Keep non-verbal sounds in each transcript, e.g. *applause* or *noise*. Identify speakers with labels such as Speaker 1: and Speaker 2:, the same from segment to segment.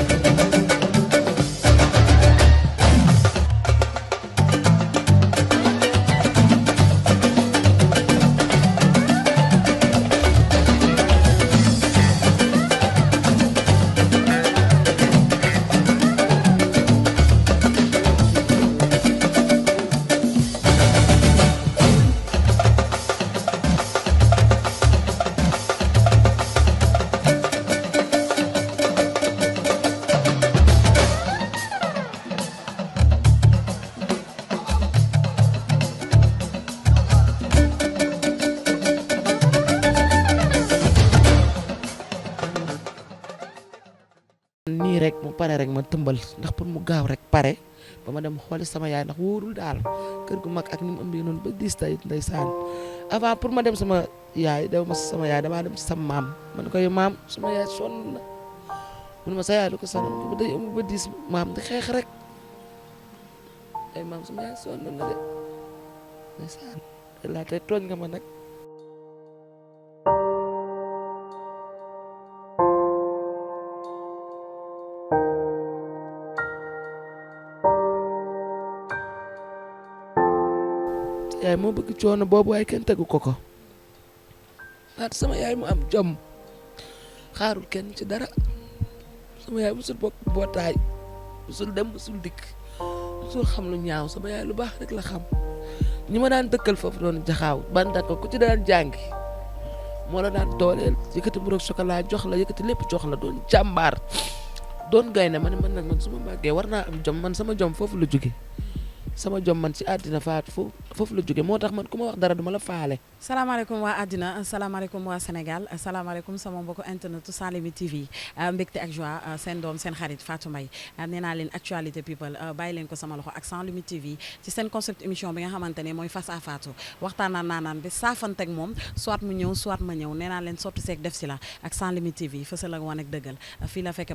Speaker 1: Thank you. yombal ndax pour mu gaaw rek pare ba ma dem xooli sama yaay ndax wóorul daal kër gu mag ak ni mu ëmbee noonu ba diis tey ndeysaan avant pour ma dem sama yaay dem ma sama yaay damaa dem sama maam man koy maam sama yaay sonn na mun ma sa yaay lu ko sonn ba day ëmb maam di ma rek ay maam sama yaay sonn na de laa tey tooñ nga nag. moo bëgg coono boobu waaye kenn tegu ko ko ndax sama yaay mu am jom xaarul kenn ci dara sama yaay musul bokk bootaay musul dem musul dikk musul xam lu ñaaw sama yaay lu baax rek la xam ñi ma daan dëkkal foofu doon jaxaaw bandat ko ku ci daan jàngi moo la daan dooleel yëkkati mu rek chocolat jox la yëkkati lépp jox la doon jàmbaar doon gaynde ma ne man nag man suma ma màggee war naa am jom man sama jom foofu la jóge sama jom man ci àddina faatu foofu foofu la jóge moo tax man ku ma wax dara duma la faale
Speaker 2: salaamaaleykum waa àddina salaamaaleykum waa Sénégal salaamaaleykum sama mbokku internetu Sans Limites TV euh, mbégte ak joie euh, seen doom seen xarit Fatou Mbaye euh, nee leen actualité people bàyyi leen ko sama loxo ak Sans Limites TV ci seen concept émission bi nga xamante ne mooy face à Fatou waxtaan naa naanaan bi saafante moom soit mu ñëw soit ma ñëw nee leen sotti seeg def si la ak Sans Limites TV fësal ak wan ak dëggal fii la fekk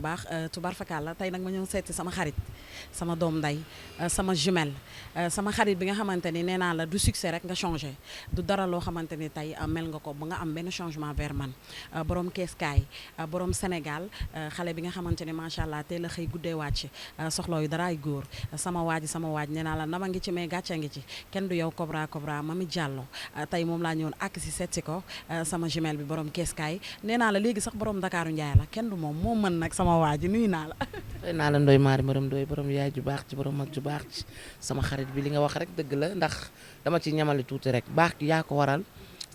Speaker 2: naa la du succès rek nga changé du dara loo xamante ni tey euh, mel nga ko ba nga am benn changement vers man euh, borom keeskaay euh, boroom Sénégal xale bi nga xamante ni macha allah tey la xëy guddee wàcc soxla yu dara ay góor sama waaj sama waaj naa la nama ngi ci mais gàcce ngi ci kenn du yow Cobra Cobra Mamy Diallo tey moom laa ñëwoon ak si seet si ko sama jumelle bi borom keeskaay nee naa la léegi sax borom ndakaaru Njaay la kenn du moom moo mën nag sama waaj nuyu naa la.
Speaker 1: *laughs* nuyu naa la Ndoye Marie borom Ndoye yaay ju baax ci borom mag ju baax ci sama xarit bi li nga wax rek dëgg la ndax dama ci ñamali tuuti rek baax gi yaa ko waral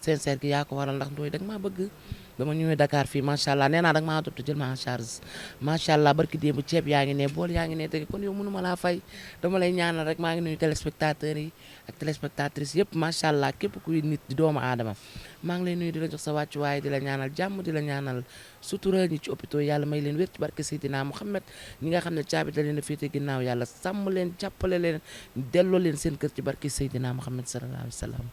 Speaker 1: sincère gi yaa ko waral ndax doy da nga maa bëgg dama ma ñëwee Dakar fii macha allah nee naa da nga maa dootu jël ma en charge macha allah barki démb ceeb yaa ngi nee bool yaa ngi nee tege kon yow mënu ma laa fay dama lay ñaanal rek maa ngi nuyu téléspectateurs yi ak téléspectatrices yëpp macha allah képp kuy nit di doomu aadama maa ngi lay nuyu di la jox sa wàccuwaay di la ñaanal jàmm di la ñaanal sutura ñi ci hôpitaux yàlla may leen wér ci barke Seydina Muhammad ñi nga xam ne caabi da leen a féete ginnaaw yàlla sàmm leen jàppale leen delloo leen seen kër ci barke Seydina Muhammad sallallahu alayhi wa sallam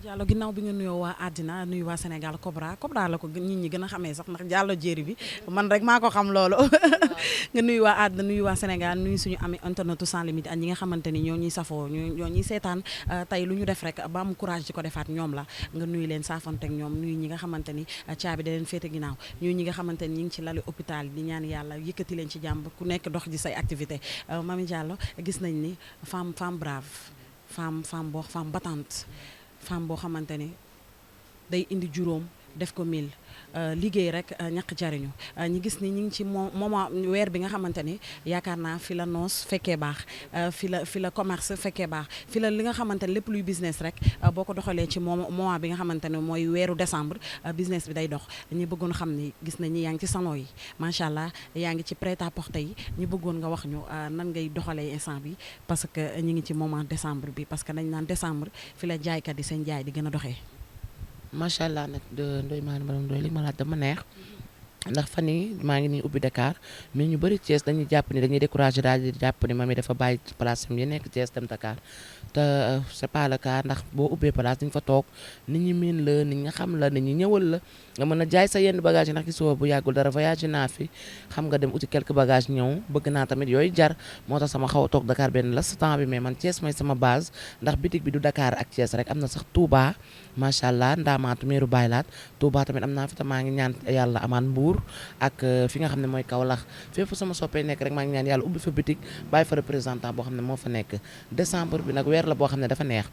Speaker 2: Diallo ginnaaw bi nga nuyoo waa àddina nuyu waa Sénégal Cobra Cobra la ko nit ñi gën a xamee sax ndax Diallo jéeri bi man rek maa ko xam loolu *laughs* nga nuyu waa àddina nuyu waa Sénégal nuyu suñu amee internetu sans limite ak ñi nga xamante ni ñoo ñuy safoo ñoo ñuy seetaan euh, tey lu ñu def rek ba am courage di ko defaat ñoom la nga nuyu leen saafante ak ñoom nuyu ñi nga xamante ni euh, caabi da leen féete ginnaaw ñuy ñi nga xamante ni ñi ngi ci lali hôpital di ñaan yàlla yëkkati leen ci jàmm ku nekk dox ji say activité euh, Mamy Diallo gis nañ ni femme femme brave femme femme boo femme battante femme boo xamante ne day indi juróom def ko mille Euh, liggéey rek euh, ñaq jariñu euh, ñi gis ni ñi ngi ci moment weer bi nga xamante ni yaakaar naa fi la noos fekkee baax fi la fi la commerce fekkee baax fi la li nga xamante ni lépp luy business rek boo ko doxalee ci moment bi nga xamante ne mooy weeru décembre business bi day dox ñi bëggoon xam ni gis na yaa ngi ci salon yi macha allah yaa ngi ci prêt à porter yi ñi bëggoon nga wax ñu nan ngay doxalee instant bi parce que ñu ngi ci moment décembre bi parce que dañ naan décembre fi la jaaykat yi seen jaay di a doxee macha allah nag
Speaker 1: Ndoye Maane madame Ndoye li ma laaj ma neex ndax fan yi maa ngi nii ubbi Dakar mais ñu bëri Thiès dañuy jàpp ni dañuy découragé daal di jàpp ni Mamy dafa bàyyi place am nekk Thiès dem Dakar te euh, c'est ndax boo ubbee place dañ fa toog nit ñi miin la nit ñi xam la nit ñi ñëwal la nga mën a jaay sa yenn bagage yi ndax gisoo bu yàggul dara voyage naa fi xam nga dem uti quelques bagage ñëw bëgg naa tamit yooyu jar moo tax sama xaw a toog Dakar benn las temps bi mais man Thiès mooy sama base ndax bitig bi du dakaar ak Thiès rek am na sax Touba macha allah ndaamaatu meeru baylaat Touba tamit am naa fi tam maa ngi ñaan yàlla amaan mbuur ak euh, fi nga xam ne mooy Kaolack fépp sama soppee nekk rek maa ngi ñaan yàlla ubbi fa bitik bàyyi fa représentant boo xam ne moo fa nekk décembre bi nag weer la boo xam ne dafa neex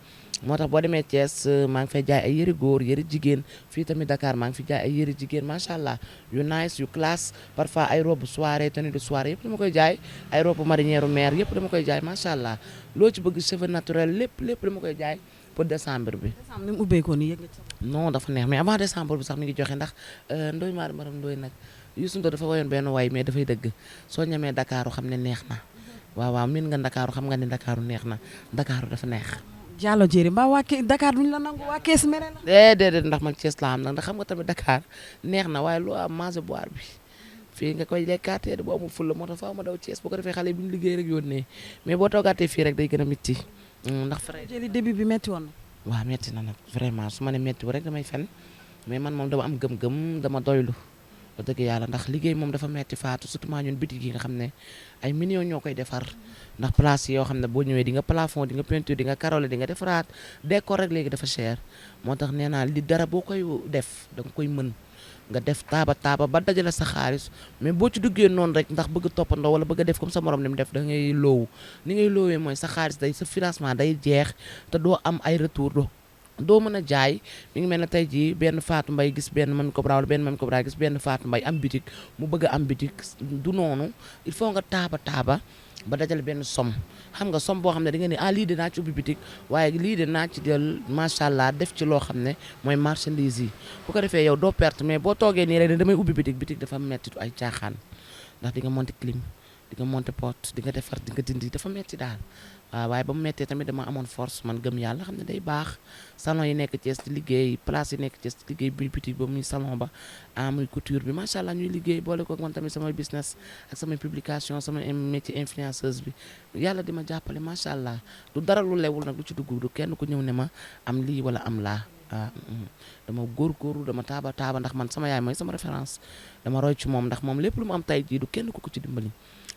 Speaker 1: moo tax boo demee Thiès euh, maa ngi fay jaay ay yëri góor yëri jigéen fii tamit dakaar maa ngi fi jaay ay yëri jigéen macha allah yu nice yu classe parfois ay robe soirée tenue de soirée yëpp dama koy jaay ay robe marinière mère yëpp dama koy jaay macha allah loo ci bëgg cheveux naturel lépp lépp dama koy jaay pour décembre bi. décembre ni mu ubbeekoo nii yëg nga ci. non dafa neex mais avant décembre bi sax mi ngi joxe ndax euh, Ndoye Mar Maram Ndoye nag Youssou Ndoye dafa woyoon benn way mais dafay dëgg soo ñamee Dakaaru xam ne neex na waaw waaw miin nga Dakaaru xam nga ne Dakaaru neex na Dakaaru dafa neex.
Speaker 2: Diallo Diéry mbaa waa Kees la nangu waa Kees mere la.
Speaker 1: déedéet ndax man Kees laa am nag ndax xam nga tamit neex na waaye loo am manger boire bi fii nga koy lekkaatee boo amul fulla moo tax faaw ma daw Kees bu ko defee xale bi ñu liggéey rek yoon ne mais boo toogaatee fii rek day gën a mitti Mm, ndax
Speaker 2: frais jëli début bi métti woon na.
Speaker 1: waaw métti na nag vraiment su ma ne métti wu rek damay fen mais man moom dama am gëm-gëm dama doylu ba dëgg yàlla ndax liggéey moom dafa metti faatu surtout ñun bitig yi nga xam ne ay millions ñoo koy defar ndax place yoo xam ne boo ñëwee di nga plafond di dinga peinture di nga carole di nga defaraat décor rek léegi dafa cher moo tax nee naa li dara boo koy def da nga koy mën nga def taaba taaba ba dajale sa xaalis mais boo ci duggee noonu rek ndax bëgg toppandoo wala bëgg def comme sa morom ni mu def da ngay loowu ni ngay loowee mooy sa xaalis day sa financement day jeex te doo am ay retour doo mën a jaay mi ngi mel ne tey jii benn faatu mbay gis benn man ko braaw benn man ko braaw gis benn Fatou Mbaye am bitik mu bëgg am bitik du noonu il faut nga taaba taaba ba dajale benn som xam nga som boo xam ne da nga ne ah lii de naa ci ubbi bitik waaye lii de naa ci del macha def ci loo xam ne mooy marchandise yi bu ko defee yow doo perte mais boo toogee nii rek ne damay ubbi bitik bitik dafa mettitu ay caaxaan ndax di nga monter clim di nga monter porte di nga defar di nga dindi dafa metti daal waaw euh, waaye ba mu méttee tamit dama amoon force man gëm yàlla xam ne day baax salon yi nekk Thiès di liggéey place yi nekk Thiès di liggéey bi boutique ba muy salon ba ah muy bi macha allah ñuy liggéey boole ko man tamit samay business ak samay publication sama métier influenceuse bi yàlla di jàppale macha allah du dara lu nag lu ci dugg du kenn ku ñëw ne ma am lii wala am laa ah dama góorgóorlu dama taaba taaba ndax man sama yaay mooy sama référence dama roy ci moom ndax moom lépp lu mu am tey jii du kenn ku ko ci dimbali.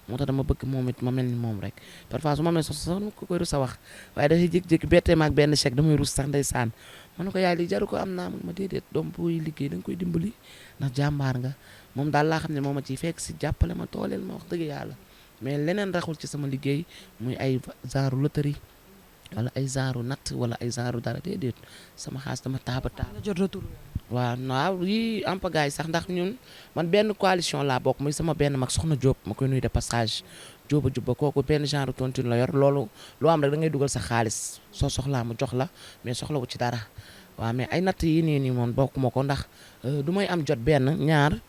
Speaker 1: moo tax dama bëgg moom it ma mel ni moom rek parfois su ma mel soxna sax ko koy rus a wax waaye dafay jékki-jékki bete ma ak benn chèque damay rus sax saan ma ne ko yaay li jaru ko am naa ma déedéet doom booy liggéey da nga koy dimbali ndax jàmbaar nga moom daal laa xam ne moom ma ci fekk si jàppale ma tooleel ma wax dëgg yàlla mais leneen raxul ci sama liggéey muy ay genre loterie wala ay genre natt wala ay genre dara déedéet sama xaalis dama taaba taaba. jot retour. waaw waaw yii ampagaay sax ndax ñun man benn coalition laa bokk muy sama benn mag soxna Diop ma koy nuyu de passage Diop a jubba kooku benn genre tontine la yor loolu loo am rek da ngay dugal sa xaalis soo soxlaa mu jox la mais soxlawu ci dara waaw mais ay natt yi nii nii moom bokk moo ko ndax euh, du may am jot benn ñaar.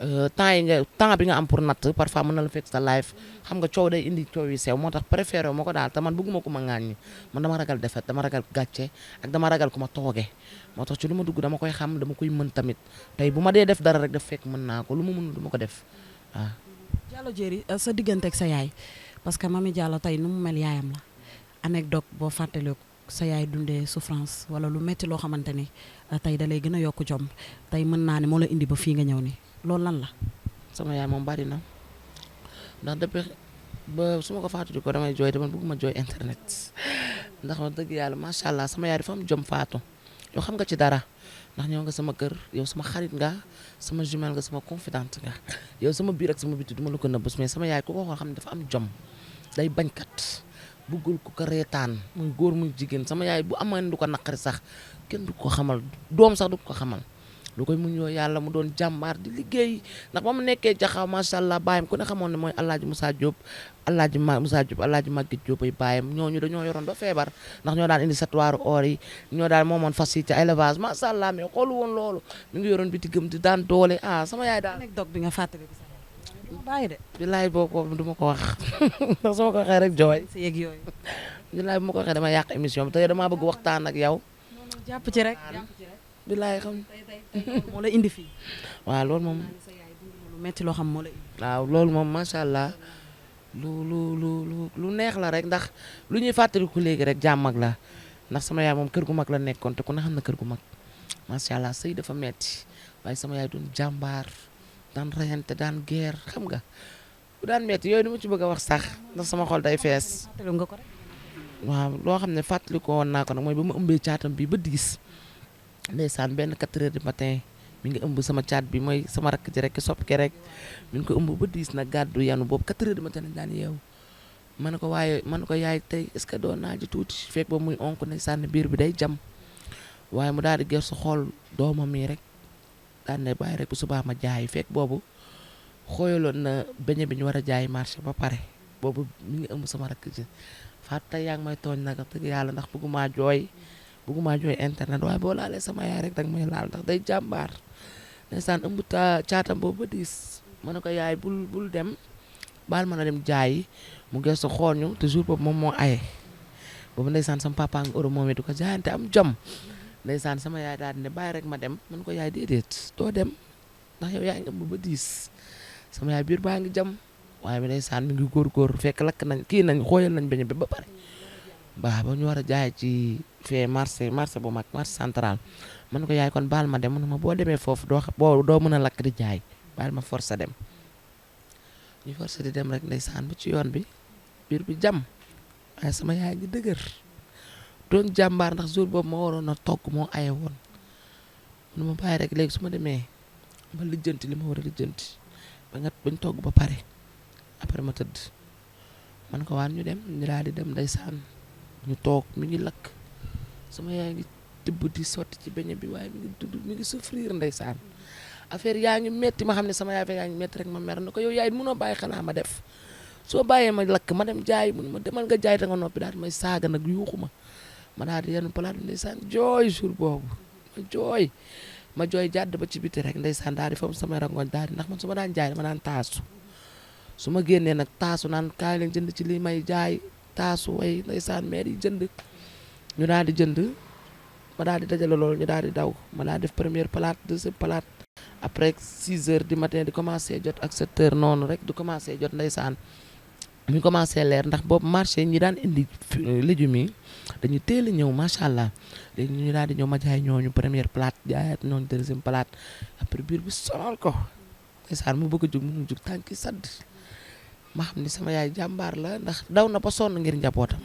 Speaker 1: Euh, temps yi nga bi nga am pour natt parfois mën na la fekk sa live xam nga coow day indi coow yu sew moo tax préféré wu ma ko daal te man bëgguma ko ma ŋaaññi man dama ragal defet dama ragal gàcce ak dama ragal ku ma tooge moo tax ci lu ma dugg dama koy xam dama koy mën tamit tey bu ma dee def dara rek daf fekk mën naa ko lu ma mën du ko def waaw.
Speaker 2: Diallo euh, sa diggante sa yaay parce que mami Diallo tey nu mu mel yaayam la anecdote boo fàttaliku sa yaay dundee souffrance wala lu metti loo xamante ni euh, tey da lay gën a yokk jom tey mën naa ne moo indi ba fii nga ñëw ni loolu lan la sama yaay moom bari na
Speaker 1: ndax depuis suma su ko faatu di ko damay jooy dama bëgguma jooy internet ndax wax dëgg yàlla macha allah sama yaay dafa am jom faatu yow xam nga ci dara ndax ñëw nga sama kër yow sama xarit nga sama jumelle nga sama confidente nga yow sama biir ak sama biti duma la ko nëbbus mais sama yaay ku ko xam ne dafa am jom day bañkat buggul ku ko reetaan muy góor muy jigéen sama yaay bu amoon du ko naqari sax kenn du ko xamal doom sax du ko xamal. lu koy muñoo yàlla mu doon jàmbaar di liggéey ndax ba mu nekkee jaxaw macha allah baayam ku ne xamoon ne mooy Alaaji Moussa Diop Alaaji ma Moussa Diop Alaaji Maguette Diop ay baayam ñooñu dañoo yoroon ba feebar ndax ñoo daan indi satuwaaru or yi ñoo daan moomoon fas yi ci élevage macha allah mais xoolu woon loolu mi ngi yoroon biti gëm di daan doole ah sama yaay daal. dog bi nga fàttali hmm. bàyyi de. bilaay boo ko du ma ko wax *laughs* ndax sama ko waxee rek jooy. si yeeg yooyu. bilaay bu ma ko dama yàq émission bi te damaa bëgg waxtaan ak yow.
Speaker 2: bi indi fii.
Speaker 1: *laughs* waaw loolu moom. metti loo xam moo waaw loolu moom macha allah lu lu lu neex la rek ndax lu ñuy fàttaliku léegi rek jàmm la ndax sama yaay moom kër gu mag la nekkoon te ku ne xam na kër gu mag macha allah sëy dafa metti waaye sama yaay doon jàmbaar daan reyante daan geer xam nga bu daan metti yooyu ni mu ci bëgg a wax sax ndax sama xol day fees. waaw loo xam ne fàttaliku woon naa ko nag mooy ba mu ëmbee caatam bi ba diis. ndeysaan benn 4 heures du matin mi ngi ëmb sama caat bi mooy sama rakk ji rek sopp ke rek mi ngi ko ëmb ba diis na gàddu yanu boobu 4 heures du matin lañ daan yeewu ma ne ko waaye ma ne ko yaay tey est ce que doon naa ji tuuti fekk ba muy onk biir bi day jam waaye mu daal di gëstu xool doomam yi rek daan ne bàyyi rek bu subaa ma jaay fekk boobu xooyaloon na beñe bi ñu war a jaay marché ba pare boobu mu ngi ëmb sama rakk ji Fatou tey yaa ngi may tooñ nag wax dëgg yàlla ndax bëgguma jooy. bëgguma joxe internet waaye boo laalee sama yaay rek danga may laal ndax day jàmbaar ndeysaan ëmb caatam boobu ba diis ma ne ko yaay bul bul dem baal ma na dem jaay mu gestu xool ñu te jour boobu moom moo aye boobu ndeysaan sama papa nga euro moom ko jaayante am jom ndeysaan sama yaay daal di ne bàyyi rek ma dem man ko yaay déedéet doo dem ndax yow yaa ngi ëmb diis sama yaay biir baa ngi jam waaye ndeysaan mi ngi góorgóor fekk lakk nañ kii nañ xooyal nañ beñe bi ba pare ba ba ñu war a jaay ci fee marché marché bu mag marché central man ko yaay kon baal ma dem ma boo demee foofu doo boo doo mën a lakk di jaay baal ma force dem ñu force di dem rek ndeysaan ba ci yoon bi biir bi jam sama yaay dëgër doon jàmbaar ndax jour boobu moo waroon a togg moo aye woon mun ma bàyyi rek léegi su ma demee ba lijjanti li ma war a lijjanti ba nga bañ togg ba pare après ma tëdd man ko waan ñu dem ñu daal di dem saan ñu toog mi ngi lakk sama yaay ngi tibb di ci beñe bi waaye mi ngi dudd yaa ngi metti ma xam ne sama yaay fa yaa ngi na ko yow yaay munoo bàyyi xanaa ma def soo bàyyee ma lakk ma dem jaay mu ma demal nga jaay da noppi daal may saaga nag yuuxu ma ma daal di yenu palaat ndeysaan jooy boobu ma ma jooy jàdd ba ci biti rek ndeysaan daal sama rangoñ ndax man su ma daan jaay dama daan taasu su ma génnee nag taasu naan kaay jënd ci lii may jaay taasu way ndeysaan maire yi jënd ñu daal di jënd ma daal di dajale loolu ñu daal di daw ma daal def première plate deuxième plate après 6 heures du matin di commencé jot ak 7 heures noonu rek di commencé jot ndeysaan mu commencé leer ndax boobu marché ñi daan indi euh, légumes yi dañu teel a ñëw macha allah léegi ñu daal di ñëw ma jaay ñooñu première plate jaayaat ñooñu deuxième plate après biir bi sonal ko ndeysaan mu bëgg a jug mu jug tànki ma xam ni sama yaay jàmbaar la ndax daw na ba sonn ngir njabootam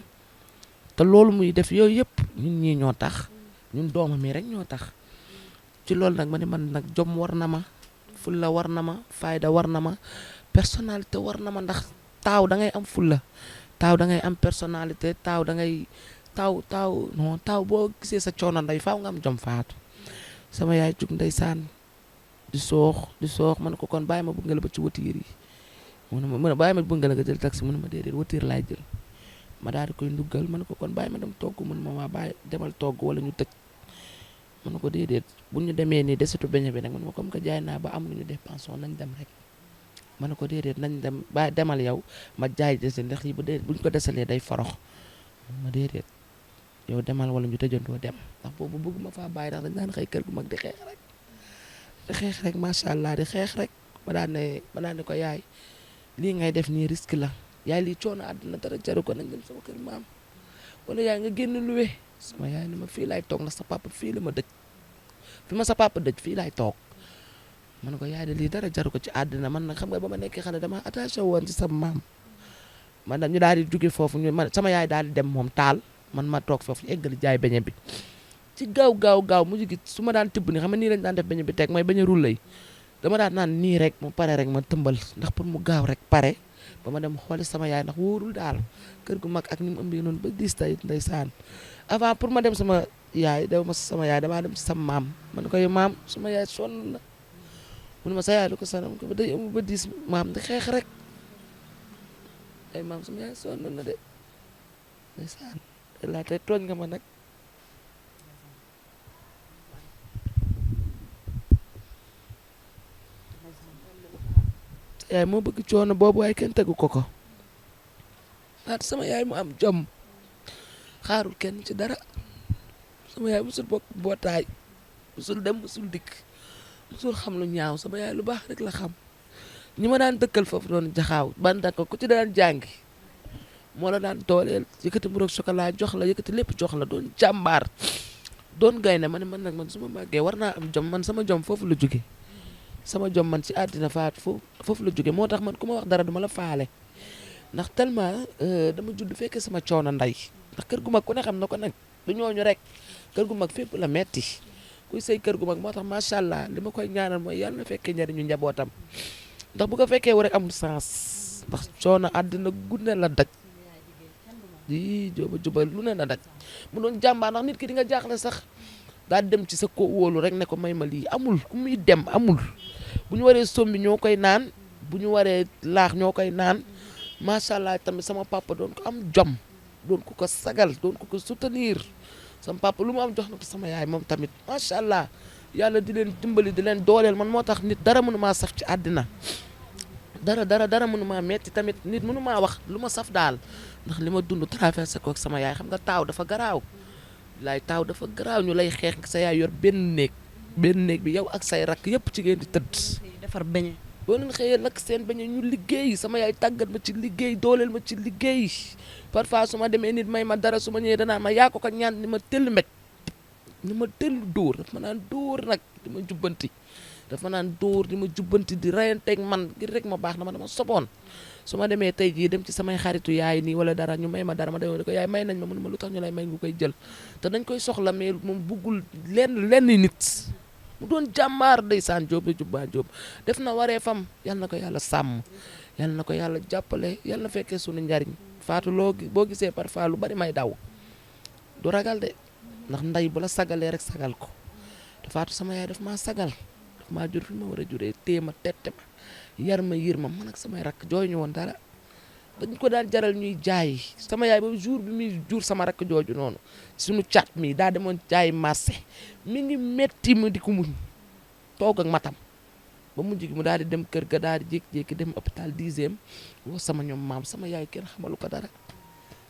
Speaker 1: te loolu muy def yooyu yëpp ñun ñii ñoo tax ñun doomam yi rek ñoo tax ci loolu nag ma ne man nag jom war na ma fulla war na ma fayda war na ma personnalité war na ma ndax taaw dangay ngay am fulla taaw da ngay am personnalité taaw da ngay taaw taaw non taaw boo gisee sa coono nday faaw nga am jom faatu sama yaay jug ndeysaan di soox di soox man ko kon bàyyi ma bëgg nga la ba ci watiir yi mu ne ma mu ne bàyyi ma bëgg la jël taxi mu ma déedéet voiture laay jël ma daal koy nduggal ma ne ko kon bàyyi ma dem togg mu ne ma ne ko déedéet bi nag mu ne ma comme que ba am lu ñu dépensé woon nañ dem rek ma ne ko déedéet nañ dem ba demal yow ma jaay desi ndax yi bu dee buñ ko desalee day farox ma déedéet yow demal wala ñu tëjandoo dem ndax boobu bëgg ma faa bàyyi ndax dañ daan xëy kër gu mag di xeex rek ma daan ne ma daan ne ko yaay lii ngay def nii risque la yaay lii coono àdduna dara jaru ko nañ dem sama kër maam wala yaay nga génn luwe sama yaay ni ma fii laay toog ndax sa papa fii la ma dëj fi ma sa papa dëj fii laay toog man ko yaay de lii dara jaru ko ci àddina man nag xam nga ba ma nekkee xale dama attaché woon ci sama maam man nag ñu daal di jóge foofu ñu man sama yaay daal di dem moom taal man ma toog foofu ñu eggali jaay beñe bi ci gaaw gaaw gaaw mujj gi su ma daan tibb ni xam nga nii lañ daan def beñe bi teg mooy beñe rullay dama daan naan nii rek mu pare rek ma tëmbal ndax pour mu gaaw rek pare ba ma dem xooli sama yaay ndax wóorul daal kër gu mag ak ni mu ëmbee noonu ba diis tey ndeysaan avant pour ma dem sama yaay dew ma sama yaay damaa dem ci sama maam ma ne koy yow maam sama yaay sonn na mu ma sa yaay lu ko sonn ko ba day ëmb ba diis maam di xeex rek ay maam sama yaay sonn na de ndeysaan laata tooñ nga ma nag yaay moo bëgg coono boobu waay kenn tegu ko ko naat sama yaay mu am jom xaarul kenn ci dara sama yaay musul bokk mbootaay musul dem musul dikk musul xam lu ñaaw sama yaay lu baax rek la xam ñi ma daan dëkkal foofu doon jaxaaw banta ko ku ci daan jàngi moo la daan dooleel yëkkati mu roog chocolat jox la yëkkati lépp jox la doon jàmbaar doon gaynde ma ne man nag man su ma màggee war naa am jom man sama jom foofu la jóge sama jom man ci addina faat foofu la jóge moo tax man ku ma wax dara duma la faale ndax tellement euh, dama judd fekke sama coona nday ndax kër gu mag ku ne xam na ko nag du ñooñu rek kër gu mag fépp la metti kuy sëy kër gu mag moo tax macha allah li koy ñaanal mooy yàlla na fekkee njariñu njabootam ndax bu ko fekkee wu rek amul sens ndax coono àddina na la daj di jóoba jubal lu ne la daj mu doon jàmbaar ndax nit ki di jaaxle sax daal dem ci sa ko woolu rek ne ko may ma lii amul ku muy dem amul bu ñu waree sombi ñoo koy naan bu ñu waree laax ñoo koy naan macha allah tamit sama papa doon ko am jom doon ko ko sagal doon ko ko soutenir sama papa lu ma am jox na ko sama yaay moom tamit macha allah yàlla di leen dimbali di leen dooleel man moo tax nit dara mënu maa saf ci àddina dara dara dara mënu maa metti tamit nit mënu maa wax lu ma saf daal ndax li ma dund traversé ko sama yaay xam taaw dafa garaaw. laay taaw dafa garaaw ñu lay xeex sa yaay yor benn néeg benn néeg bi yow ak say rakk yëpp ci ngeen di tëdd. defar beñe. boo leen xëyee nag seen beñe ñu liggéey sama yaay tàggat ma ci liggéey dooleel ma ci liggéey parfois suma ma demee nit may ma dara su ma ñëwee danaa ma yaa ko ko ñaan ni ma tëll met ni ma tëll dóor daf ma naan dóor nag di ma jubbanti dafa naan dóor di ma jubbanti di reyanteeg man ngir rek ma baax na ma dama soboon. su ma demee tey jii dem ci samay xaritu yaay nii wala dara ñu may ma dara ma demee ko yaay may nañ ma mun ma lu tax ñu lay may ngu koy jël te dañ koy soxla mais moom buggul lenn lenn nit mu doon jàmbaar ndeysaan Jóob jubbaa Jóob def na waree fam yal na ko yàlla sàmm yal na ko yàlla jàppale yal na fekkee suñu njariñ faatu loo boo gisee parfois lu bari may daw du ragal de ndax nday bu la sagalee rek sagal ko faatu sama yaay daf maa sagal daf maa jur fi ma war a juree téema tette yar ma yir ma man ak samay rakk jooy ñu dara dañ ko daan jaral ñuy jaay sama yaay ba jour bi muy jur sama rakk jooju noonu suñu cat mi daa demoon jaay marché mi ngi metti mu di ko muñ toog ak matam ba mu jigi mu daal di dem kër ga daal di jékki dem hôpital dixième woo sama ñoom maam sama yaay kenn xamalu ko dara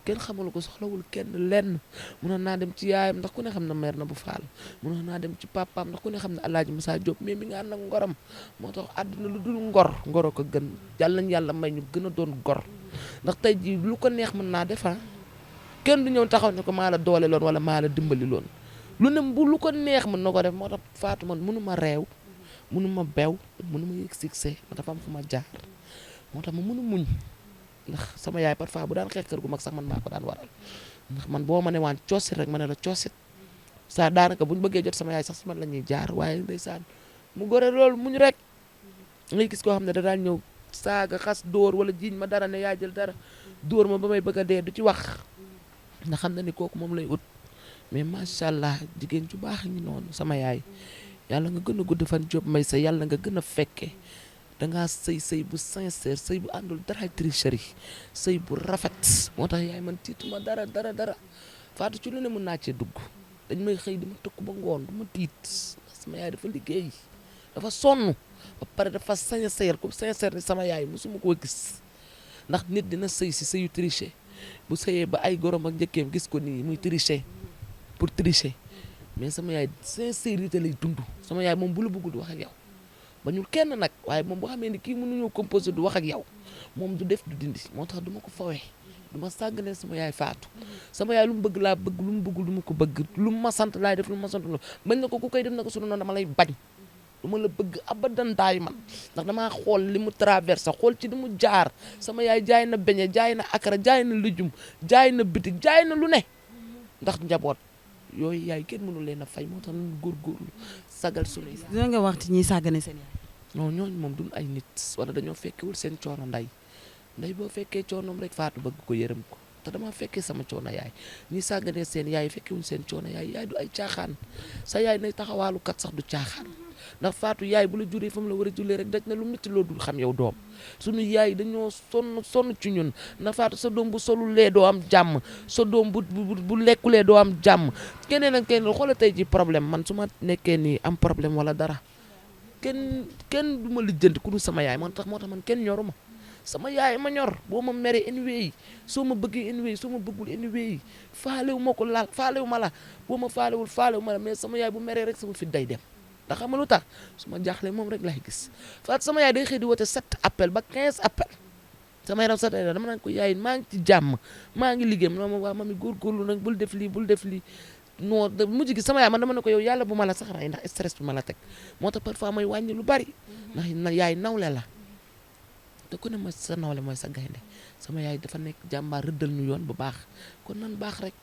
Speaker 1: kenn xamul ko soxlawul kenn lenn munoon naa dem ci yaayam ndax ku ne xam na mer na bu faal munoon naa dem ci papaam ndax ku ne xam ne alaaji Moussa Diop mais mi nga ànd ak ngoram moo tax àdduna lu dul ngor ngoro ko gën yàlla nañ yàlla may ñu gën a doon gor ndax tey jii lu ko neex mën naa defa ah. kenn du ñëw taxaw ne ko maa la doole loon wala maa la dimbali loon lu ne bu lu ko neex mën na ko def moo tax Fatou man mënu ma reew mënu ma bew mënu ma yëg succès dafa am ma jaar ndax sama yaay parfois bu daan xeex kër gu mag sax man maa ko daan waral ndax man boo ma ne waan coosit rek ma ne la coosit saa daanaka bu ñu bëggee jot sama yaay sax si man la ñuy jaar waaye saan mu gore loolu muñ rek ngay gis koo xam ne da daan ñëw saaga xas dóor wala jiiñ ma dara ne yaa jël dara dóor ma ba may bëgg a dee du ci wax ndax xam na ni kooku moom lay ut mais macha allah jigéen ju baax ngi noonu sama yaay yàlla nga gën a gudd fan Diop may sa yàlla nga gën a fekke da ngaa sëy sëy bu sincère sëy bu àndul dara yi sëy bu rafet moo tax yaay man tiituma dara dara dara faatu ci lu ne mun naa cee dugg dañ may xëy di ma tëkku ba ngoon du ma tiit sama yaay dafa liggéey dafa sonn ba pare dafa sincère ku sincère ni sama yaay mosuma koo gis ndax nit dina sëy si sëyu tricher bu sëyee ba ay gorom ak njëkkeem gis ko nii muy tricher pour tricher mais sama yaay sincérité lay dund sama yaay moom bu la bëgg du wax ak yow. bañul kenn nag waaye moom boo xamee ni kii mënuñoo composé du wax ak yow moom du def du dindi moo tax du ma ko fawee du ma sàggane sama yaay faatu sama yaay lu laa bëgg lu mu bëgg lu ko bëgg lu mu ma sant laay def lu ma sant bañ na ko ku koy def na ko su noonu dama lay bañ du ma la bëgg abadan daay man ndax damaa xool li mu traversé xool ci li mu jaar sama yaay jaay na beñe jaay na akara jaay na lujum jaay na bitik jaay na lu ne ndax njaboot yooyu yaay kenn mënu leen a fay moo tax góorgóorlu sagal sunuy dina nga wax ci ñiy sàggane seen yaay non ñooñu moom duñ ay nit wala dañoo fekkewul seen coono nday nday boo fekkee coonoom rek faatu bëgg ko yërëm ko te dama fekkee sama coono yaay ñi sàgganee seen yaay fekkewuñ seen coono yaay yaay du ay caaxaan sa yaay nay taxawaalu kat sax du caaxaan ndax faatu yaay bu la juree fa la war a jullee rek daj na lu métti loo xam yow doom suñu yaay dañoo sonn sonn ci ñun ndax faatu sa doom bu solulee doo am jàmm sa doom bu bu lekkulee doo am jàmm keneen ak keneen xoola tey ji problème man su ma nekkee nii am problème wala dara kenn kenn du ma lijjanti ku du sama yaay man tax moo tax man kenn ñoruma sama yaay ma ñor boo ma meree anyway soo ma bëggee anyway soo ma bëggul anyway faalewu ma ko laal faalewu ma la boo ma faalewul faalewu ma la mais sama yaay bu meree rek sama fit day dem ndax xam nga lu tax su ma jaaxlee moom rek laay gis faat sama yaay day xëy di woote sept appel ba quinze appel sama yaram sax dama naan ko yaay maa ngi ci jàmm maa ngi liggéey ma ne ma waa mami góorgóorlu nag bul def lii bul def lii non de mujj gi sama yaay man dama ne ko yow yàlla bu ma la sax rey ndax stress bu ma la teg moo tax parfois may wàññi lu bari ndax yaay nawle la te ku ne ma sa nawle mooy sa gaynde sama yaay dafa nekk jàmbaar rëddal ñu yoon bu baax kon nan baax rek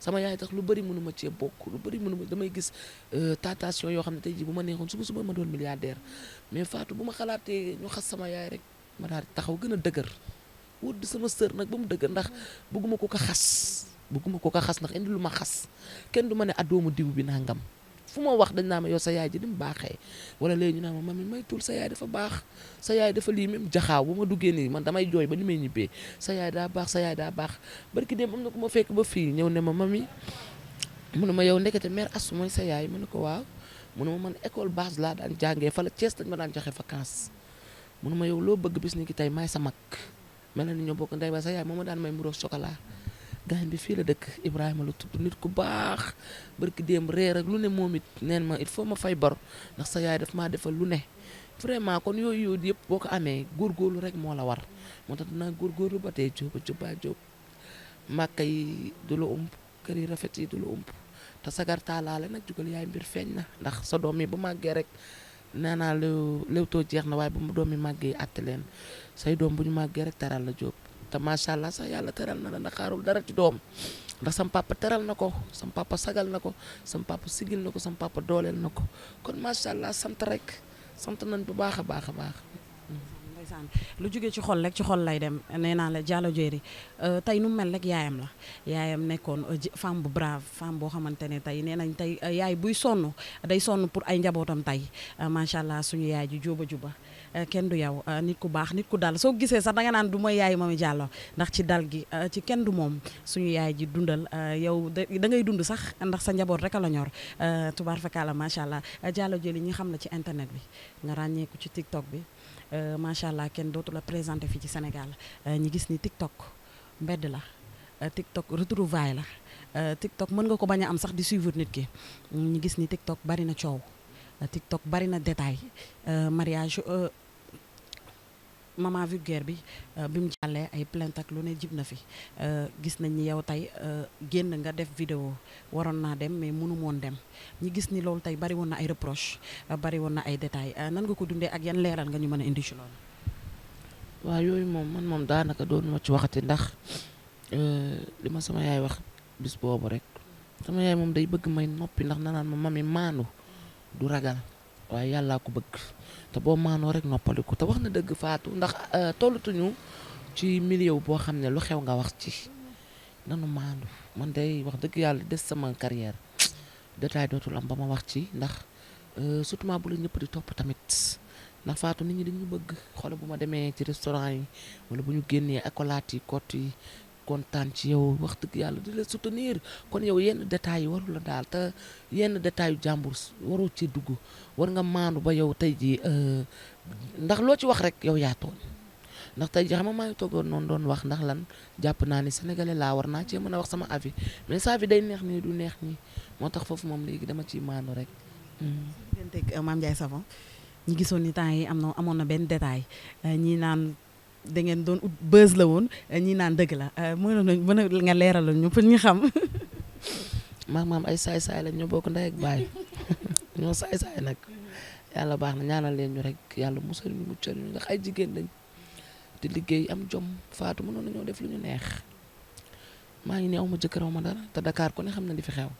Speaker 1: sama yaay tax lu bari mënu ma cee bokk lu bari mënu ma damay gis euh, tentation yoo xam ne tey jii bu ma neexoon suba suba ma doon milliardaire mais Fatou bu ma xalaatee ñu xas sama yaay rek ma daal taxaw gën a dëgër sama sër nag ba mu dëgër ndax bëgguma ko ko xas bëgguma ko ko xas ndax indi lu ma xas kenn du ma ne adoomu diw bi nangam fu ma wax dañ naa ma yow sa yaay ji ni mu baaxee wala léegi ñu naa ma mami may tuul sa yaay dafa baax sa yaay dafa lii même jaxaaw bu ma duggee nii man damay jooy ba ni may ñibbee sa yaay daa baax sa yaay daa baax a dem am na ku ma fekk ba fii ñëw ne ma mami mu ne ma yow ndekete mère asu mooy sa yaay mu ne ko waaw mu ma man école base laa daan jàngee fa la Thiès lañ ma daan joxe vacances mu ne ma yow loo bëgg bis ni ki tey maay sa mag mel na ni ñoo bokk ndey ba sa yaay moo ma daan may mburoog chocolat gaañ bi fii la dëkk Ibrahima la tudd nit ku baax barki démb reer ak lu ne moom it neen ma il faut ma fay bor ndax sa yaay daf maa defal lu ne vraiment kon yooyu yooyu yëpp boo ko amee góorgóorlu rek moo la war moo tax dinaa góorgóorlu ba tey jóoba jubaa jóob màkka yi du la ump kër yi rafet yi du la ump te sagar taalaale nag jugal yaay mbir feeñ na ndax sa doom yi bu màggee rek nee naa léew léewtoo jeex na waaye bu mu doom yi màggee àtte leen say doom bu ñu màggee rek taral la jóob te macha allah sax yàlla teral na la ndax xaarul dara ci doom ndax sam papa teral na ko sam papa sagal na ko sam papa sigil na ko sam papa dooleel na ko kon macha allah samt rek sant nañ bu baax a baax a baax.
Speaker 2: ndeysaan lu jóge ci xol rek ci xol lay dem nee naa la Diallo Diéry euh, tey nu mel rek yaayam la yaayam nekkoon euh, femme bu brave femme boo xamante ne tey nee nañ tey euh, yaay buy sonn day sonn pour ay njabootam tey macha allah suñu yaay ji jóoba juba Eh, kenn du yow eh, nit ku baax nit ku dal soo gisee sax da naan du mooy yaay Mamy Diallo ndax ci dal gi eh, ci kenn du moom suñu yaay ji dundal yow da ngay dund sax ndax sa njaboot rek a la ñor tubaar fakala macha allah Diallo jëli ñi xam na ci internet bi nga ràññeeku ci TikTok bi macha allah kenn dootu la présenté fii ci Sénégal ñi gis ni TikTok mbedd la TikTok retrouvaille la TikTok mën nga ko bañ a am sax di suivre nit ki ñu gis ni TikTok bari na coow TikTok bari na détail mariage maman vulgaire bi euh, bi mu jàllee ay plainte ak lu ne jib na fi euh, gis nañ ni yow tey euh, génn nga def vidéo waroon naa dem mais mënu woon dem ñi gis ni loolu tey bari woon na ay reproche bari woon na ay détails nan nga ko dundee ak yan leeral nga ñu mën a indi ci loolu. waaw yooyu moom man moom daanaka
Speaker 1: doon ma ci waxati ndax li ma sama yaay wax bis boobu rek sama yaay moom day bëgg may noppi ndax nanaan ma mami maandu du ragal. waaye yàllaa ko bëgg te boo maanoo rek noppaliku te wax na dëgg faatu ndax euh, tollatuñu ci milieu boo xam ne lu xew nga wax ci nanu maandu man day wax dëgg yàlla des sama carrière détail dootul am ba ma wax ci ndax euh, surtout bu la ñëpp di topp tamit ndax faatu nit ñi dañu bëgg xoolal bu ma demee ci restaurant yi wala bu ñu génnee accolades yi côté yi kontaan ci yow wax dëgg yàlla di la soutenir kon yow yenn détails yi waru la daal te yenn détails yu jàmbur waroo ci dugg war nga maandu ba yow tey jii euh, ndax loo ci wax rek yow yaa tooñ ndax tey jii xam nga maa ngi toogoon noonu doon wax ndax lan jàpp naa ni sénégalais laa war naa cee mën a wax sama avis mais sa day neex nii du
Speaker 2: neex nii moo tax foofu moom léegi dama ciy maandu rek. Mm. dégg Mame Savon ñi gisoon ni temps yi am na amoon na benn détail euh, ñi naan. dangeen doon ut buzz la woon eh, ñi naan dëgg la mënoon eh, nañ mën a nga leeralal ñu pour ñu xam. *laughs* maam maam ay saay-saay lañ ñoo bokk ndey ak baay *laughs* ñoo saay-saay nag yàlla baax
Speaker 1: na ñaanal leen ñu rek yàlla musal ñu muccal ñu ndax ay jigéen lañ di liggéey am jom faatu mënoon nañoo def lu ñu neex maa ngi ne aw ma jëkkëraw ma dara te dakaar ku ne xam na di fi xew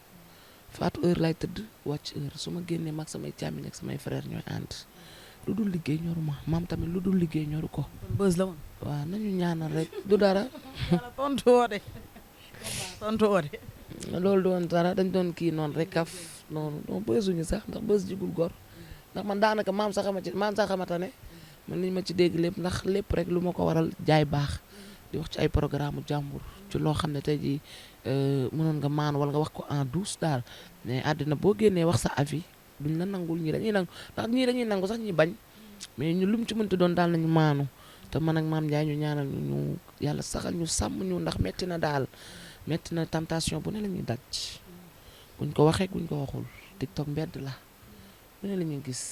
Speaker 1: faatu heure lay tëdd wàcc heure su ma génnee mag samay càmmiñ ak samay frère ñooy ànd. lu dul liggéey ñoru ma maam tamit lu dul liggéey ñoru ko. bës la woon. waaw nañu ñaanal rek du dara.
Speaker 2: tontu woo de tontu doon
Speaker 1: dara dañ doon kii noonu rek kaf noonu non bësuñu sax ndax bës jigul gor ndax man daanaka maam sax ma ci maam sax ne man liñ ma ci dégg lépp ndax lépp rek lu ma ko waral jaay baax di wax ci ay programme jàmbur ci loo xam ne tey jii euh, noon nga maan wala nga wax ko en douce daal mais àddina boo génnee wax sa avis duñ la nangul ñii dañuy nangu ndax ñii dañuy nangu sax ñi bañ mais ñu lu mu ci mënti doon daal nañu maanu te man ak maam Ndiaye ñu ñaanal ñu yàlla saxal ñu sàmm ñu ndax metti na daal metti na tentation bu ne la ñu daj buñ ko waxee buñ ko waxul TikTok mbedd la bu ne la ñuy gis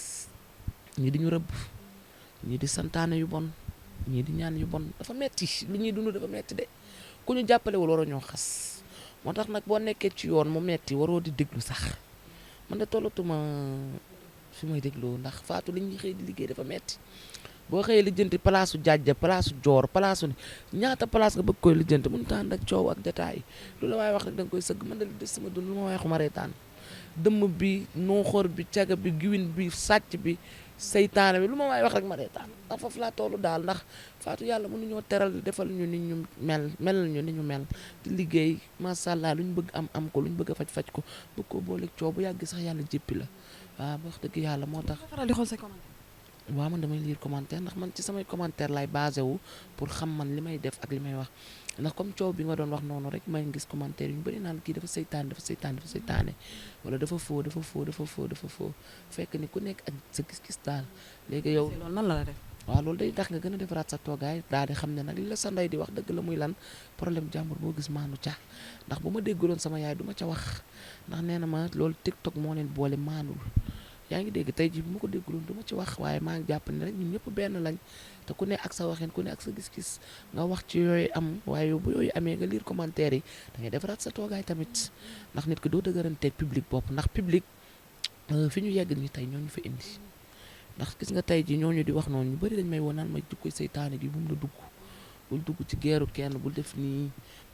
Speaker 1: ñi di ñu rëbb ñi di santaane yu bon ñii di ñaan yu bon dafa metti lu ñuy dund dafa metti de ku ñu jàppalewul waroo ñoo xas moo tax nag boo nekkee ci yoon mu metti waroo di déglu sax man de tollatuma fi may dégloo ndax faatu li ñuy xëy di liggéey dafa metti boo xëyee lijjanti palaasu jàjja palaasu joor palaasu ne ñaata palaas nga bëgg koy lijjanti mënut a ànd ak coow ak jataay lu la waaye wax rek da nga koy sëgg man de li des sama dund lu ma waaye xuma reetaan dëmm bi nooxoor bi caga bi giwin bi sàcc bi seytaane bi lu ma waay wax rek ma reetaan ndax foofu laa toll daal ndax faatu yàlla mënuñoo teral defal ñu ni ñu mel mel ñu ni ñu mel di liggéey macha allah lu ñu bëgg am am ko lu ñu bëgg a faj faj ko bëgg koo booleeg coow bu yàgg sax yàlla jéppi la waaw wax dëgg yàlla moo tax. waaw man damay liir commentaire ndax man ci samay commentaire lay basé wu pour xam man li may def ak li may wax ndax comme coow bi nga doon wax noonu rek may gis commentaire yu bëri naan kii dafa seytaane dafa seytaane dafa seytaane wala dafa foo dafa foo dafa foo dafa foo fekk ni ku nekk ak sa gis-gis daal léegi yow loolu nan la la def waaw loolu day tax nga gën a defaraat sa toogaay daal di xam ne nag li la sa ndey di wax dëgg la muy lan problème jàmbur boo gis maanu ca ndax bu ma dégg loon sama yaay duma ca wax ndax nee na ma loolu TikTok moo leen boole maanul yaa ngi dégg tey ji bu ma ko dégguloon du ci wax waaye maa ngi jàpp ne rek ñëpp benn lañ te ku ne ak sa waxin ku ne ak sa gis-gis nga wax ci yooyu am waaye yow yooyu amee nga lire commentaire yi da ngay defaraat sa toogaay tamit ndax nit ki doo dëgëranteeg public bopp ndax public euh, fi ñu yegg nii tey ñoo ñu fa indi ndax gis nga tey ji ñooñu di wax noonu ñu bëri dañ may wonaan ma di koy seytaane gi bu mu la dugg bul dugg ci geeru kenn bul def nii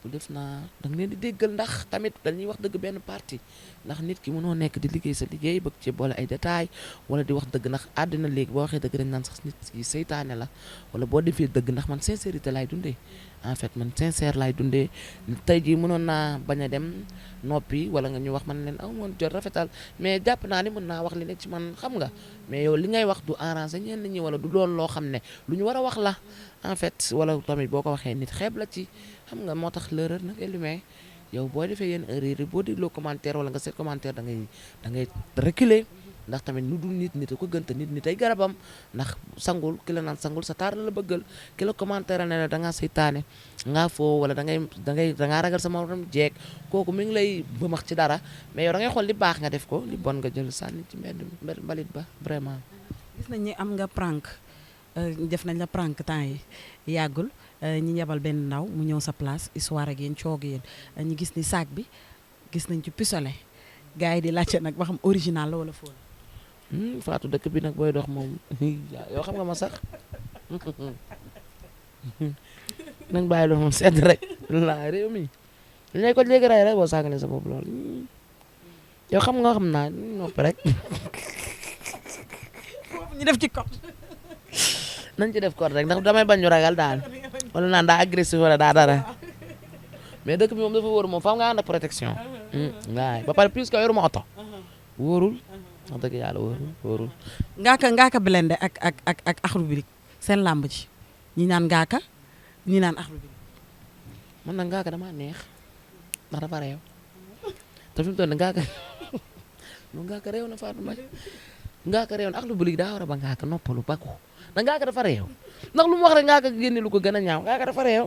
Speaker 1: def naa danga leen di déggal ndax tamit dañuy wax dëgg benn parti ndax nit ki mënoo nekk di liggéey sa liggéey bëgg ci boole ay détails wala di wax dëgg ndax àddina léegi boo waxee dëgg dañ sax nit ki seytaane la wala boo defee dëgg ndax man sincérité lay dundee en fait man sincère laay dundee tey jii mënoon naa bañ a dem noppi wala nga ñu wax man leen aw moon jot rafetal mais jàpp naa ni mën naa wax li nekk ci man xam nga mais yow li ngay wax du arranger ñenn ñi wala du doon loo xam ne lu ñu war a wax la en fait wala tamit boo ko waxee nit xeeb la ci xam nga moo tax l'erreur nag est l'humain yow boo defee yenn erreur yi boo loo commentaire wala nga seet commentaire da ngay da ngay reculer ndax tamit lu dul nit nit a ko gënta nit nit ay garabam ndax sangul ki nan sangul sa taar la la bëggal ki la commentaire ne danga da ngaa seytaane ngaa foo wala da da ngay da ngaa ragal sa morom jeeg kooku mi ngi lay bëmax ci dara mais yow da ngay xool li baax nga def ko li bon nga jël sànni ci mbedd mbalit ba vraiment.
Speaker 2: gis nañ ni am nga prank euh, def nañ la prank temps yi yàggul. Euh, ñi yebal benn ndaw mu ñëw sa place histoire ak yéen coog yéen euh, ñu gis ni saak bi gis nañ ci pisole gars yi di laajte nag ba xam original la wala fóol
Speaker 1: hmm, dëkk bi nag booy dox moom *laughs* yoo xam nga ma sax *laughs* bàyyi loolu moom rek la réew mi lu ne ko sa bopp lool hmm. xam nga xam naa noppi rek *laughs* ñu def ci code nañ ci def code rek ndax damay bañ ñu ragal daal wala naan daa agressif wala daa dara mais dëkk bi moom dafa wóor moom fam nga ànd ak protection. Uh-huh. Hmm, waaye
Speaker 2: ba pare plus que yoruma oto. Uh-huh. wóorul. Uh-huh. wax dëgg yàlla
Speaker 1: wóorul wóorul.
Speaker 2: Ngaaka Ngaaka Blindé ak ak ak ak Akhlou Brick seen làmb ji ñi naan Ngaaka ñi naan Akhlou Brick. man nag Ngaaka damaa neex ndax dafa réew te
Speaker 1: fi mu toll nii Ngaaka *laughs* Ngaaka réew na Fatou Mbaye Ngaaka réew na Akhlou Brick daa war a
Speaker 2: ba Ngaaka noppalu ba ko. ndax ngaa ko dafa réew ndax lu mu wax rek ngaa ko génne lu ko gën a ñaaw ngaa ko dafa réew.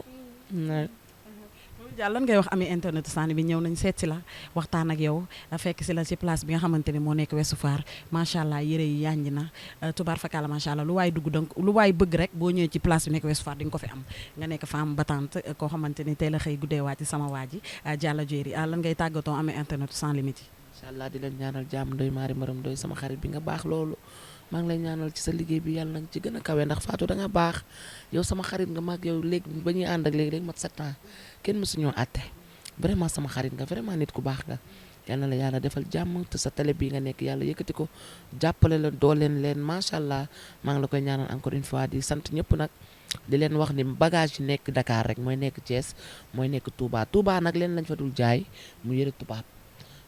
Speaker 2: Diallo lan ngay wax ami internet sànni bi ñëw nañ seet la waxtaan ak yow fekk si la si place bi nga xamante ne moo nekk Ouest Foire macha allah yére yi yànj na euh, tubaar fakala macha allah waay dugg donc lu bëgg rek boo ñëwee ci place bi nekk Ouest Foire di nga ko fi am nga nekk femme battante euh, koo xamante ni xëy guddee waa sama waa ji euh, Diallo Diéry lan ngay tàggatoo amee internet sans limite. macha allah di leen ñaanal jàmm doy maari maram doy sama xarit bi nga baax loolu. maa lay ñaanal
Speaker 1: ci sa liggéey bi yàlla nañ ci gën a kawe ndax Fatou da baax yow sama xarit nga mag yow léegi ba ñuy ànd ak léegi léegi mat sept ans kenn mësuñoo àtte vraiment sama xarit nga vraiment nit ku baax nga yàlla la yàlla defal jàmm sa télé bii nga nekk yàlla yëkkati ko jàppale la doo leen leen macha allah maa ngi la koy ñaanal encore une fois di sant ñëpp nag di leen wax ni bagage yi nekk ndakaar rek mooy nekk Thiès mooy nekk Touba Touba nag leen lañ fa dul jaay mu yëre tubaab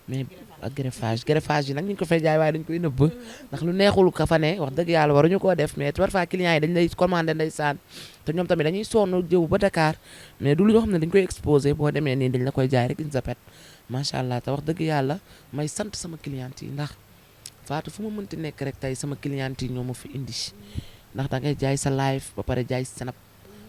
Speaker 1: mais ak greffage greffage yi nag ñu ko fay jaay waay dañ koy nëbb ndax lu neexul ka fa wax dëgg yàlla waruñu koo def mais parfois clients yi dañ lay day ndeysaan te ñoom tamit dañuy sonn jëw ba Dakar mais du lu ñoo xam ne dañ koy exposé boo demee nii dañ la koy jaay rek une zapette macha allah te wax dëgg yàlla may sant sama cliente yi ndax faatu fu ma mënti nekk rek tey sama cliente yi ñoo ma fi indi ndax da ngay jaay sa live ba pare jaay sa snap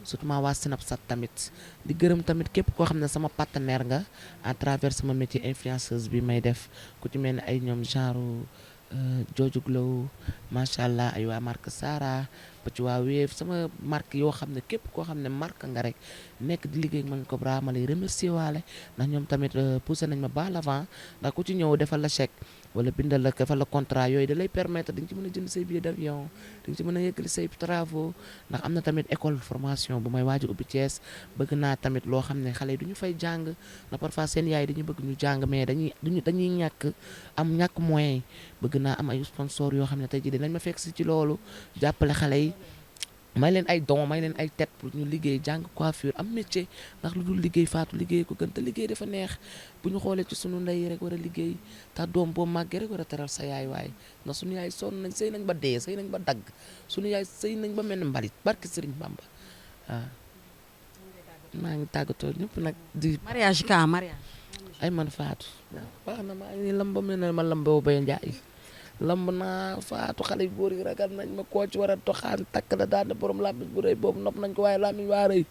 Speaker 1: surtout maa waa sat tamit di gërëm tamit képp koo xam ne sama partenaire nga à travers sama métier influenceuse bi may def ku ci mel ni ay ñoom genre euh, Jojo Glow macha allah ay waa marque Sara ba ci waa Wave sama marque yoo xam ne képp koo xam ne marque nga rek nekk di liggéey man ko bra ma lay remercier waale ndax ñoom tamit euh, poussé nañ ma ba l'avant ndax ku ci ñëw defal la check wala bindal la defal la contrat yooyu da lay permettre di ci mën a jënd say billet d'avion di nga ci mën a yëkkali say travaux ndax am na tamit école formation bu may waaj a ubbi Thiès bëgg naa tamit loo xam ne xale yi du ñu fay jàng na parfois seen yaay dañu bëgg ñu jàng mais dañuy duñu dañuy ñàkk am ñàkk moyen bëgg naa am ay sponsor yoo xam ne tey jii dañ ma fekk si ci loolu jàppale xale yi may leen ay don may leen ay tête pour ñu liggéey jàng coiffure am métier ndax lu dul liggéey faatu liggéey ko gën te liggéey dafa neex bu ñu xoolee ci sunu ndey rek war a liggéey ta doom boo màggee rek war a teral sa yaay waaye ndax sunu yaay soon nañ sëy nañ ba dee sëy nañ ba dagg sunu yaay sëy nañ ba mel ni mbalit barki Sëriñ Bamba waaw maa ngi tàggatoo ñëpp nag di mariage ka mariage ay man faatu waaw baax na maa ngi lamba mel ne ma lamboo bay njaay lamb naa faatu xale yu góor yi ragal nañ ma koo ci war a toxaan takk la daan borom làmmiñ bu rëy boobu nopp nañ ko waaye làmmiñ waa rëy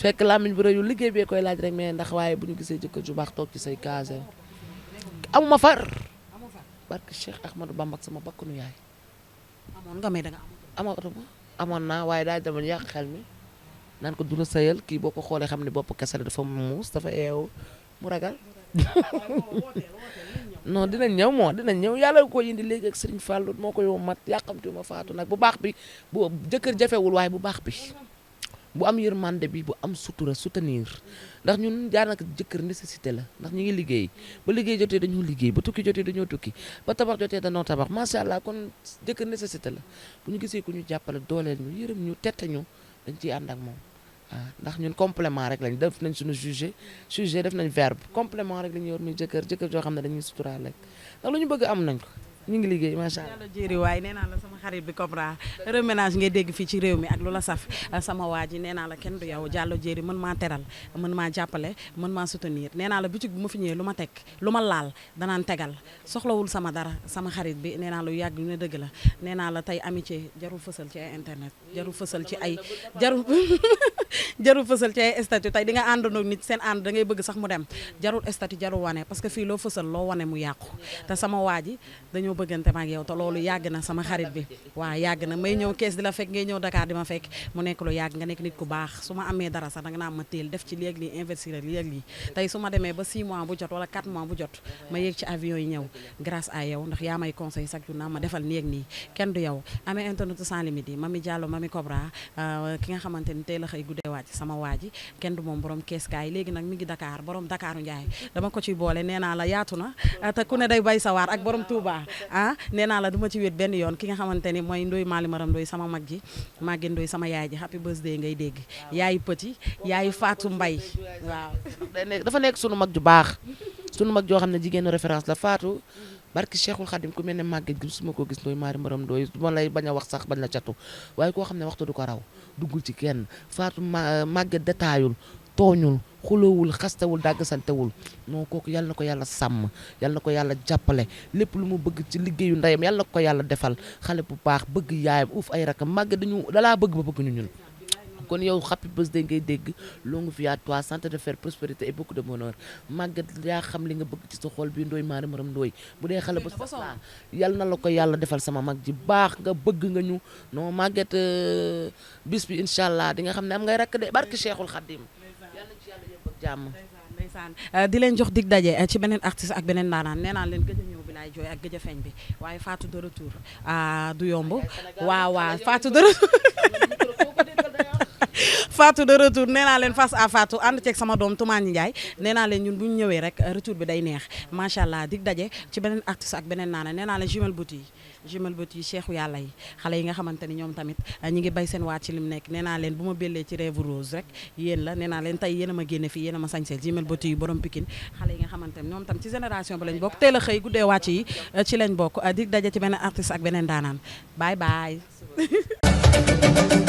Speaker 1: fekk làmmiñ bu rëy yu liggéey bee koy laaj rek mais ndax waaye bu ñu gisee jëkkër ju baax ci say case ma far barke Cheikh Ahmadou Bamba ak sama bakkanu yaay. amoon nga may danga amoon amoon naa waaye daal dama yàq xel mi ko du sayal kii boo ko xoolee xam ne bopp kese la dafa muus dafa eew mu ragal. *laughs* non dinañ ñëw moo dinañ ñëw yàlla ko indi léegi ak Serigne Fallou moo ko yow mat yàqamti ma faatu nag bu baax bi bu jëkkër jafewul waaye bu baax bi bu am yërmande bi bu am sutura soutenir ndax ñun daanaka jëkkër nécessité la ndax ñu ngi liggéey ba liggéey jotee dañoo liggéey ba tukki jotee dañoo tukki ba tabax jotee dañoo tabax macha allah kon jëkkër nécessité la bu ñu gisee ku ñu jàppale dooleel ñu yërëm ñu tete ñu dañ ciy ànd ak moom ndax ñun complément rek lañ def nañ sunu jugé jugé def nañ verbe complément rek lañu ñu yor jëkkër jëkkër joo xam ne dañuy suturaal rek ndax lu ñu bëgg am nañ ko ñu ngi liggéey macha allah.
Speaker 2: yàlla jéeri waay nee naa la sama xarit bi Cobra reménage ngay dégg fii ci réew mi ak lu la saf sama waa ji nee naa la kenn du yow jàllo jéeri mën maa teral mën maa jàppale mën maa soutenir nee naa la boutique bu ma fi ñëwee lu ma teg lu ma laal danaa tegal soxlawul sama dara sama xarit bi nee naa lu yàgg lu ne dëgg la nee naa la tey amitié jarul fësal ci ay internet jarul fësal ci ay jarul *laughs* jarul fësal ci ay statut tey di nga àndandoo nit seen ànd da ngay bëgg sax mu dem jarul statut jarul wane parce que fii loo fësal loo wane mu yàqu bëggante ma ak yow te loolu yàgg na sama xarit bi waaw yàgg na may ñëw kees di la fekk ngay ñëw Dakar di ma fekk mu nekk lu yàgg nga nekk nit ku baax su ma amee dara sax danga ma téel def ci léeg lii investir lii ak lii tey su ma demee ba 6 mois bu jot wala 4 mois bu jot ma yéeg ci avion yi ñëw grâce à yow ndax yaa may conseil chaque jour naa ma defal nii ak nii kenn du yow amee internet sans limite yi mami Diallo mami Cobra euh, ki nga xamante ni mi ngi Dakar borom Dakaru Njaay dama *laughs* ah nee naa la duma ci wet benn yoon ki nga xamante ni mooy ndoy maali maram ndoy sama mag ji màggee ndoy sama yaay ji happy birthday ngay dégg yaay petit yaay Fatou Mbaye waaw dafa nekk sunu mag
Speaker 1: ju baax sunu mag joo xam ne jigéenu référence la Fatou barki Cheikhul Khadim ku mel ne màgget gi suma ko gis ndoy maari maram ndoy du lay bañ a wax sax bañ la catu waaye koo xam ne waxtu du ko raw duggul ci kenn Fatou màgget détaayul tooñul xuloowul xastewul dàggsantewul non kooku yal na ko yàlla sàmm yal na ko yàlla jàppale lépp lu mu bëgg ci liggéeyu ndeyam yal na ko yàlla defal xale bu baax bëgg yaayam uuf ay rakam màgg dañu dalaa bëgg ba bëgg ñun kon yow happy birthday ngay dégg longue vie à toi santé de faire prospérité et beaucoup de xam li nga bëgg ci sa xol bi ndooy maari maram ndooy bu dee xale ba sa yal na la ko yàlla defal sama mag ji baax nga bëgg nga ñu non màggat euh, bis bi incha allah nga xam ne am ngay rakk de barki cheikhul xadim
Speaker 2: jàmm ndeysaan euh, di leen jox dig daje euh, ci beneen artiste ak beneen ndaanaan nee naa leen gëj a ñëw bi laay jooy ak gëj a feeñ bi waaye Fatou de retour euh, du yomb waaw waaw Fatou de retour Fatou de retour nee leen face à Fatou ànd ceeg sama doom Toumani Ndiaye nee leen ñun bu ñëwee rek retour bi day neex macha allah dig daje ci beneen artiste ak beneen nee naa leen jumel buti yi jumel buti xale yi nga xamante ni ñoom tamit euh, ñi ngi bay seen waat ci lim nekk nee naa leen bu ma bellee ci rêve rose rek yéen la naa leen tey yéen a ma fii yéen ma sañseel jumel buti yu borom Pikine xale yi nga xamante tam ci génération bi lañ bokk euh, euh, daje ci beneen artiste ak beneen daanaan baay bye *laughs*